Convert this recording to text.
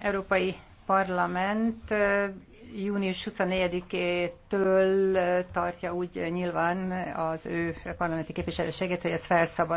Európai Parlament június 24-től tartja úgy nyilván az ő parlamenti képviselőségét, hogy ez felszabad.